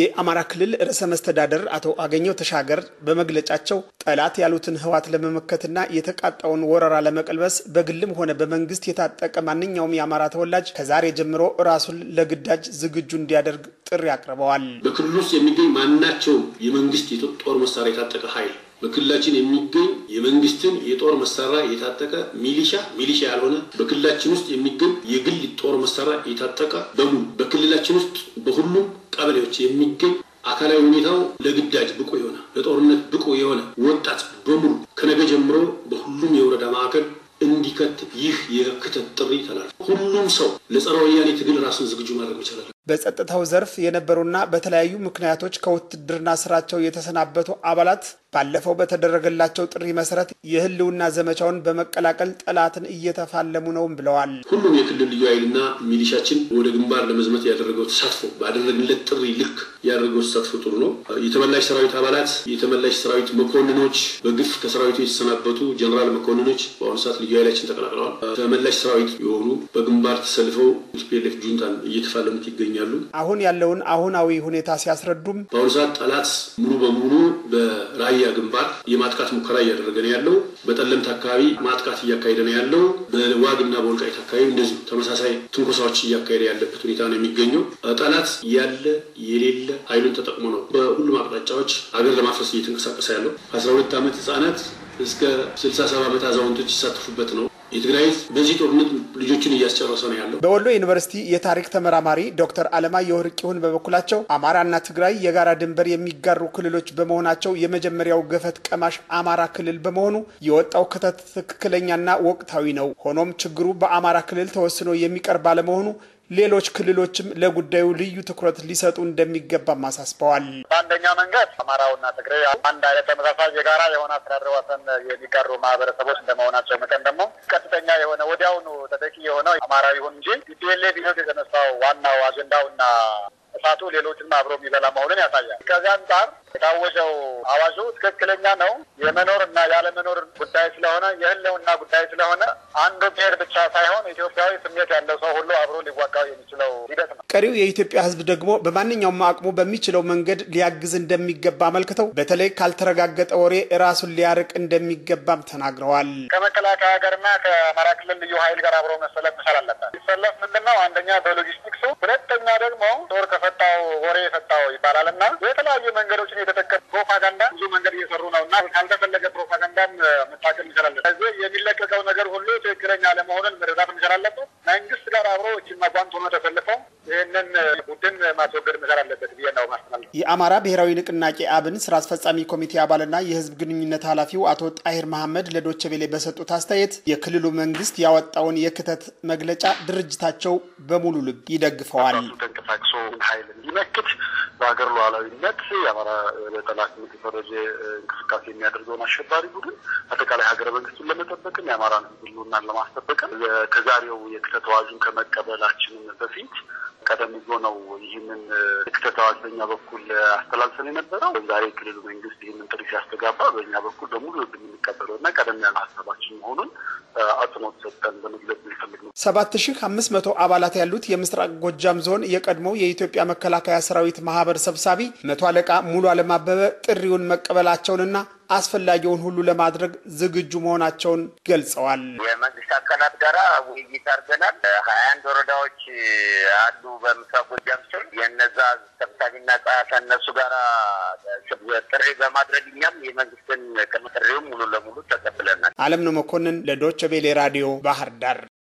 የአማራ ክልል ርዕሰ መስተዳደር አቶ አገኘው ተሻገር በመግለጫቸው ጠላት ያሉትን ህወሓት ለመመከትና የተቃጣውን ወረራ ለመቀልበስ በግልም ሆነ በመንግስት የታጠቀ ማንኛውም የአማራ ተወላጅ ከዛሬ ጀምሮ ራሱን ለግዳጅ ዝግጁ እንዲያደርግ ጥሪ አቅርበዋል። በክልል ውስጥ የሚገኝ ማናቸውም የመንግስት የጦር መሳሪያ የታጠቀ ኃይል በክልላችን የሚገኝ የመንግስትን የጦር መሳሪያ የታጠቀ ሚሊሻ ሚሊሻ ያልሆነ በክልላችን ውስጥ የሚገኝ የግል ጦር መሳሪያ የታጠቀ በሙሉ በክልላችን ውስጥ በሁሉም ቀበሌዎች የሚገኝ አካላዊ ሁኔታው ለግዳጅ ብቁ የሆነ ለጦርነት ብቁ የሆነ ወጣት በሙሉ ከነገ ጀምሮ በሁሉም የወረዳ ማዕከል እንዲከት ይህ የክተት ጥሪ ተላልፏል። ሁሉም ሰው ለጸረ ወያኔ ትግል ራሱን ዝግጁ ማድረግ መቻላል። በጸጥታው ዘርፍ የነበሩና በተለያዩ ምክንያቶች ከውትድርና ስራቸው የተሰናበቱ አባላት ባለፈው በተደረገላቸው ጥሪ መሰረት የህልውና ዘመቻውን በመቀላቀል ጠላትን እየተፋለሙ ነው ብለዋል። ሁሉም የክልል ልዩ ኃይልና ሚሊሻችን ወደ ግንባር ለመዝመት ያደረገው ተሳትፎ ባደረግለት ጥሪ ልክ ያደረገው ተሳትፎ ጥሩ ነው። የተመላሽ ሰራዊት አባላት፣ የተመላሽ ሰራዊት መኮንኖች፣ በግፍ ከሰራዊቱ የተሰናበቱ ጀኔራል መኮንኖች በአሁኑ ሰዓት ልዩ ኃይላችን ተቀላቅለዋል። ተመላሽ ሰራዊት የሆኑ በግንባር ተሰልፈው ፒኤልኤፍ ጁንታን እየተፋለሙት ይገኛል። ይገኛሉ። አሁን ያለውን አሁናዊ ሁኔታ ሲያስረዱም በአሁኑ ሰዓት ጠላት ሙሉ በሙሉ በራያ ግንባር የማጥቃት ሙከራ እያደረገ ነው ያለው። በጠለምት አካባቢ ማጥቃት እያካሄደ ነው ያለው። በዋግና በወልቃይት አካባቢ እንደዚሁ ተመሳሳይ ትንኮሳዎች እያካሄደ ያለበት ሁኔታ ነው የሚገኘው። ጠላት ያለ የሌለ ኃይሉን ተጠቅሞ ነው በሁሉም አቅጣጫዎች ሀገር ለማፍረስ እየተንቀሳቀሰ ያለው። ከአስራ ሁለት ዓመት ህጻናት እስከ ስልሳ ሰባ ዓመት አዛውንቶች ይሳተፉበት ነው። የትግራይ በዚህ ጦርነት ልጆችን እያስጨረሰ ነው ያለው። በወሎ ዩኒቨርሲቲ የታሪክ ተመራማሪ ዶክተር አለማየሁ ርቅሁን በበኩላቸው አማራና ትግራይ የጋራ ድንበር የሚጋሩ ክልሎች በመሆናቸው የመጀመሪያው ገፈት ቀማሽ አማራ ክልል በመሆኑ የወጣው ክተት ትክክለኛና ወቅታዊ ነው። ሆኖም ችግሩ በአማራ ክልል ተወስኖ የሚቀር ባለመሆኑ ሌሎች ክልሎችም ለጉዳዩ ልዩ ትኩረት ሊሰጡ እንደሚገባም አሳስበዋል። በአንደኛ መንገድ አማራውና ትግሬ አንድ አይነት ተመሳሳይ የጋራ የሆነ አስተዳደር ወሰን የሚቀሩ ማህበረሰቦች እንደመሆናቸው መጠን ደግሞ ቀጥተኛ የሆነ ወዲያውኑ ተጠቂ የሆነ አማራዊ ይሁን እንጂ ዲፒኤልኤ ቢሆን የተነሳው ዋናው አጀንዳውና ጥፋቱ ሌሎችን አብሮ የሚበላ መሆኑን ያሳያል። ከዚህ አንጻር የታወጀው አዋጁ ትክክለኛ ነው። የመኖር እና ያለመኖር ጉዳይ ስለሆነ የህልውና ጉዳይ ስለሆነ አንዱ ብሔር ብቻ ሳይሆን ኢትዮጵያዊ ስሜት ያለው ሰው ሁሉ አብሮ ሊዋጋው የሚችለው ሂደት ነው። ቀሪው የኢትዮጵያ ህዝብ ደግሞ በማንኛውም አቅሙ በሚችለው መንገድ ሊያግዝ እንደሚገባ አመልክተው በተለይ ካልተረጋገጠ ወሬ ራሱን ሊያርቅ እንደሚገባም ተናግረዋል። ከመከላከያ ጋርና ከአማራ ክልል ልዩ ኃይል ጋር አብሮ መሰለፍ መቻል አለበት። ሰለፍ ምንድነው አንደኛ በሎጂስቲክ ሁለተኛ ደግሞ ጦር ከፈታው ወሬ የፈታው ይባላል እና የተለያዩ መንገዶችን የተጠቀሙ ፕሮፓጋንዳ ብዙ መንገድ እየሰሩ ነው እና ካልተፈለገ ፕሮፓጋንዳን መታቀል እንችላለን። ስለዚህ የሚለቀቀው ነገር ሁሉ ትክክለኛ ለመሆኑን መረዳት እንችላለበት። መንግስት ጋር አብሮ እችን መጓንት ሆኖ ተሰልፈው ይህንን ቡድን ማስወገድ ብዬ ነው ማስተላለፍ። የአማራ ብሔራዊ ንቅናቄ አብን ስራ አስፈጻሚ ኮሚቴ አባልና የህዝብ ግንኙነት ኃላፊው አቶ ጣሂር መሐመድ ለዶቸቤሌ በሰጡት አስተያየት የክልሉ መንግስት ያወጣውን የክተት መግለጫ ድርጅታቸው በሙሉ ልብ ይደግፈዋል። ተንቀሳቅሶ ሀይል እንዲመክት በሀገር ሉዓላዊነት የአማራ በጠላትነት የተፈረጀ እንቅስቃሴ የሚያደርገውን አሸባሪ ቡድን አጠቃላይ ሀገረ መንግስቱን ለመጠበቅም የአማራን ህዝብ ህልውናን ለማስጠበቅም ከዛሬው የክተት አዋጁን ከመቀበላችንም በፊት ቀደም ብሎ ነው ይህንን ክተት አዋጅ በእኛ በኩል አስተላልፈን የነበረው። ዛሬ ክልሉ መንግስት ይህንን ጥሪ ሲያስተጋባ በእኛ በኩል በሙሉ የምንቀበለው እና ቀደም ያለ ሀሳባችን መሆኑን አጽንኦት ሰጠን በመግለጽ የሚፈልግ ነው። ሰባት ሺህ አምስት መቶ አባላት ያሉት የምስራቅ ጎጃም ዞን የቀድሞ የኢትዮጵያ መከላከያ ሰራዊት ማህበር ሰብሳቢ መቶ አለቃ ሙሉ አለም አበበ ጥሪውን መቀበላቸውንና አስፈላጊውን ሁሉ ለማድረግ ዝግጁ መሆናቸውን ገልጸዋል። የመንግስት አካላት ጋራ ውይይት አድርገናል። ሀያ አንድ ወረዳዎች አሉ በምስራቅ ጎጃም ስር የነዛ ሰብሳቢና ጸሐፊ እነሱ ጋራ ጥሪ በማድረግ እኛም የመንግስትን ጥሪውን ሙሉ ለሙሉ ተቀብለናል። ነው መኮንን ለዶቸ ቤሌ ራዲዮ ባህር ዳር